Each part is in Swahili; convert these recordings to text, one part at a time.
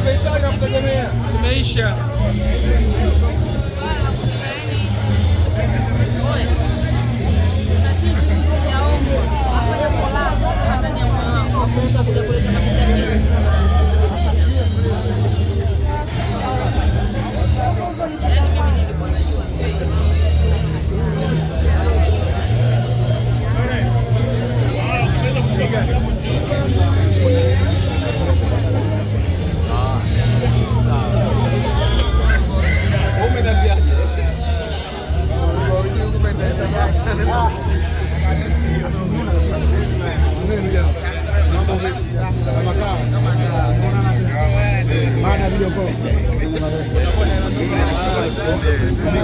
Tumeisha.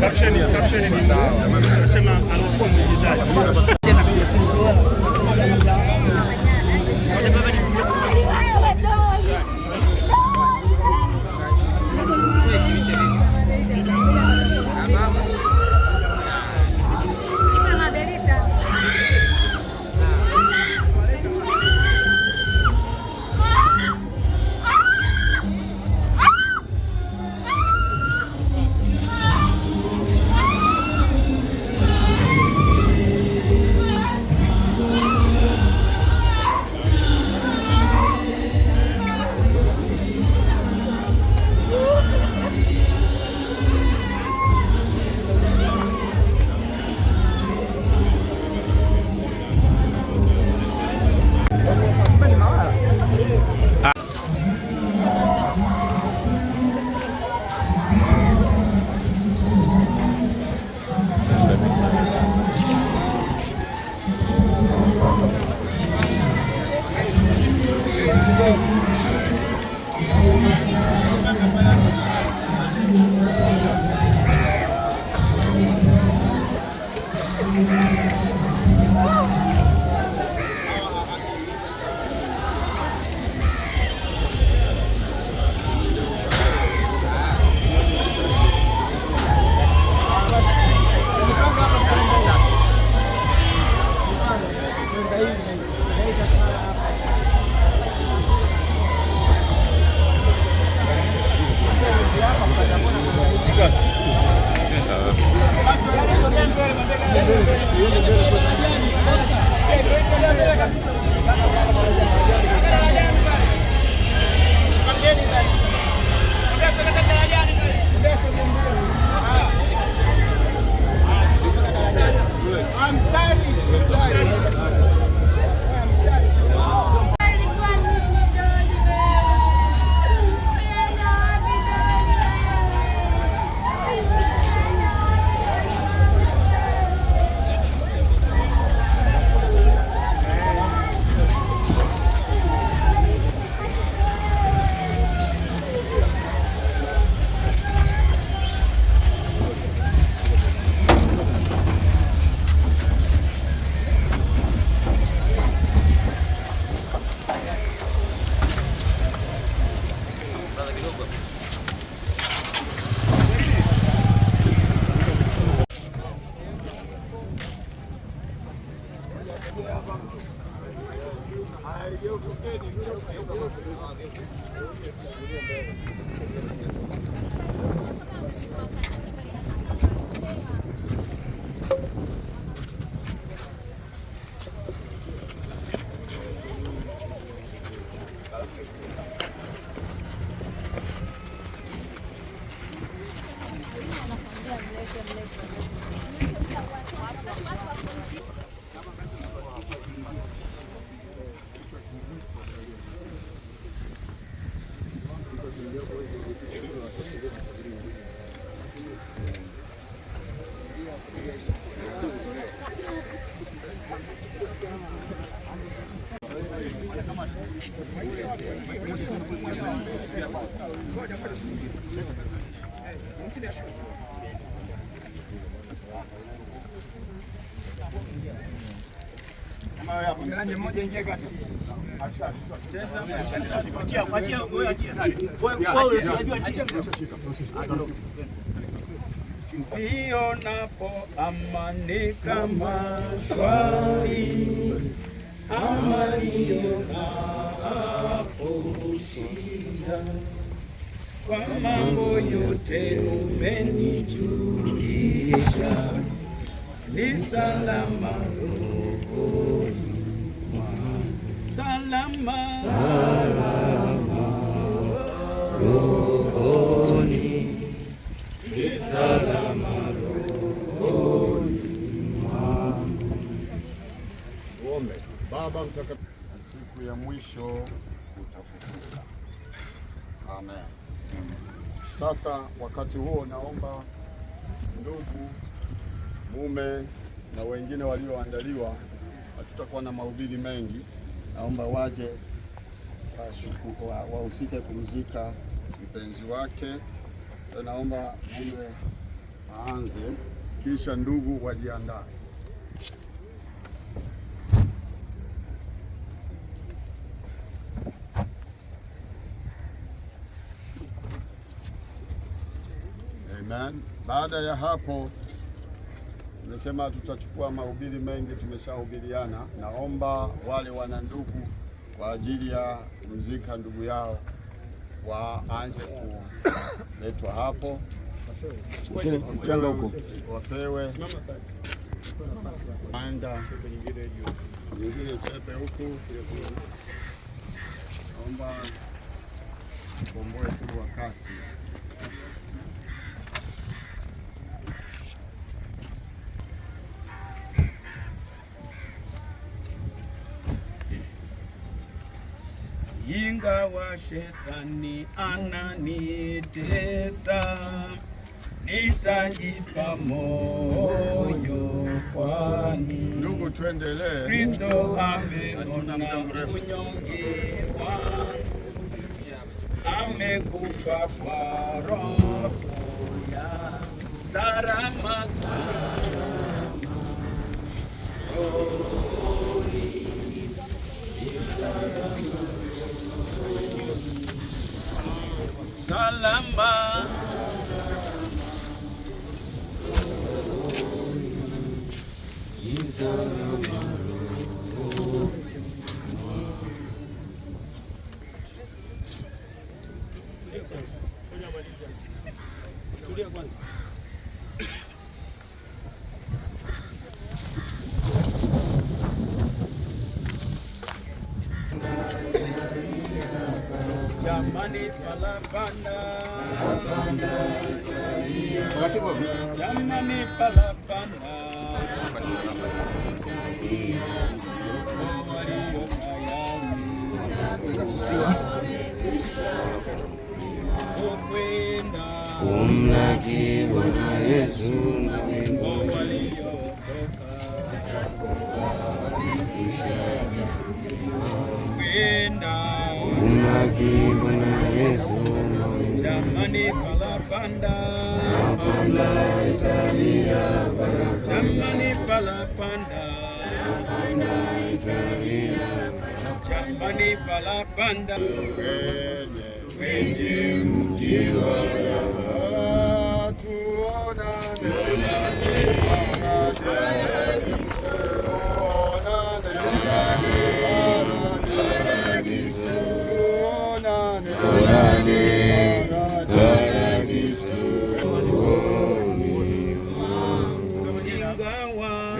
Caption ni sawa. Anasema anakuwa mwigizaji. कहीं Hiyo napo amani kama shwari, amani hapo shida kwa mambo yote umenijulisha, ni salama rohoni mwangu, salama, salama rohoni, ni salama rohoni mwangu. Tuombe. Baba Mtakatifu, siku ya mwisho utafufuka. Amen. Sasa wakati huo, naomba ndugu mume na wengine walioandaliwa, hatutakuwa na mahubiri mengi, naomba waje wahusike wa kumzika mpenzi wake. Naomba mume aanze, kisha ndugu wajiandae. na baada ya hapo tumesema tutachukua mahubiri mengi, tumeshahubiriana. Naomba wale wana ndugu kwa ajili ya muzika ndugu yao waanze kuletwa hapo, mchanga huko wapewe anda nyingine chepe huku. Naomba komboe tu wakati ingawa shetani ananitesa, nitajipa moyo kwani ndugu, tuendelee. Kristo ameona unyonge wangu, amekufa kwa roho ya salama salama Salama. kumlaki Bwana Yesu na wimbo kumlaki Bwana Money palapanda, Panda. Chamani palapanda, Panda. Chamani Pala Panda.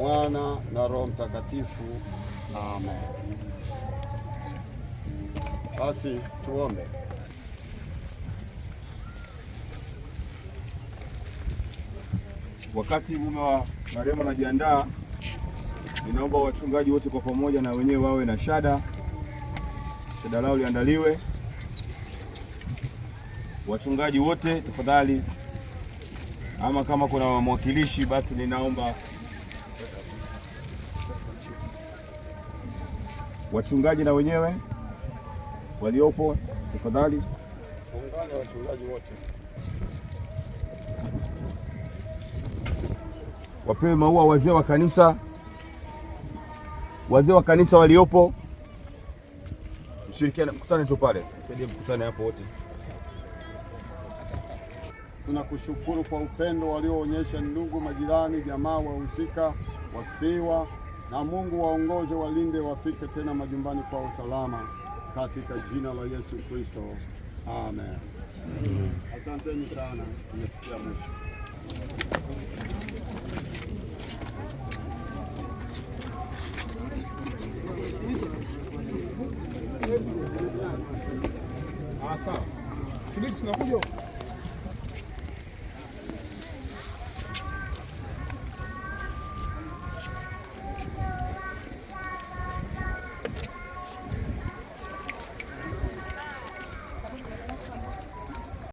Mwana na Roho Mtakatifu. Amen. Basi tuombe. Wakati mume wa marehemu anajiandaa, ninaomba wachungaji wote kwa pamoja na wenyewe wawe na shada, shada lao liandaliwe. Wachungaji wote tafadhali, ama kama kuna mwakilishi basi ninaomba wachungaji na wenyewe waliopo, tafadhali waungane wachungaji wote wapewe maua, wazee wa kanisa, wazee wa kanisa waliopo, mshirikiane, mkutane tu pale, msaidie, mkutane hapo wote. Tunakushukuru kwa upendo walioonyesha ndugu, majirani, jamaa, wahusika, wasiwa na Mungu waongoze, walinde, wafike tena majumbani kwa usalama katika jina la Yesu Kristo, amen. Asanteni sana, tumesikia mwisho. Ah, sawa, tunakuja.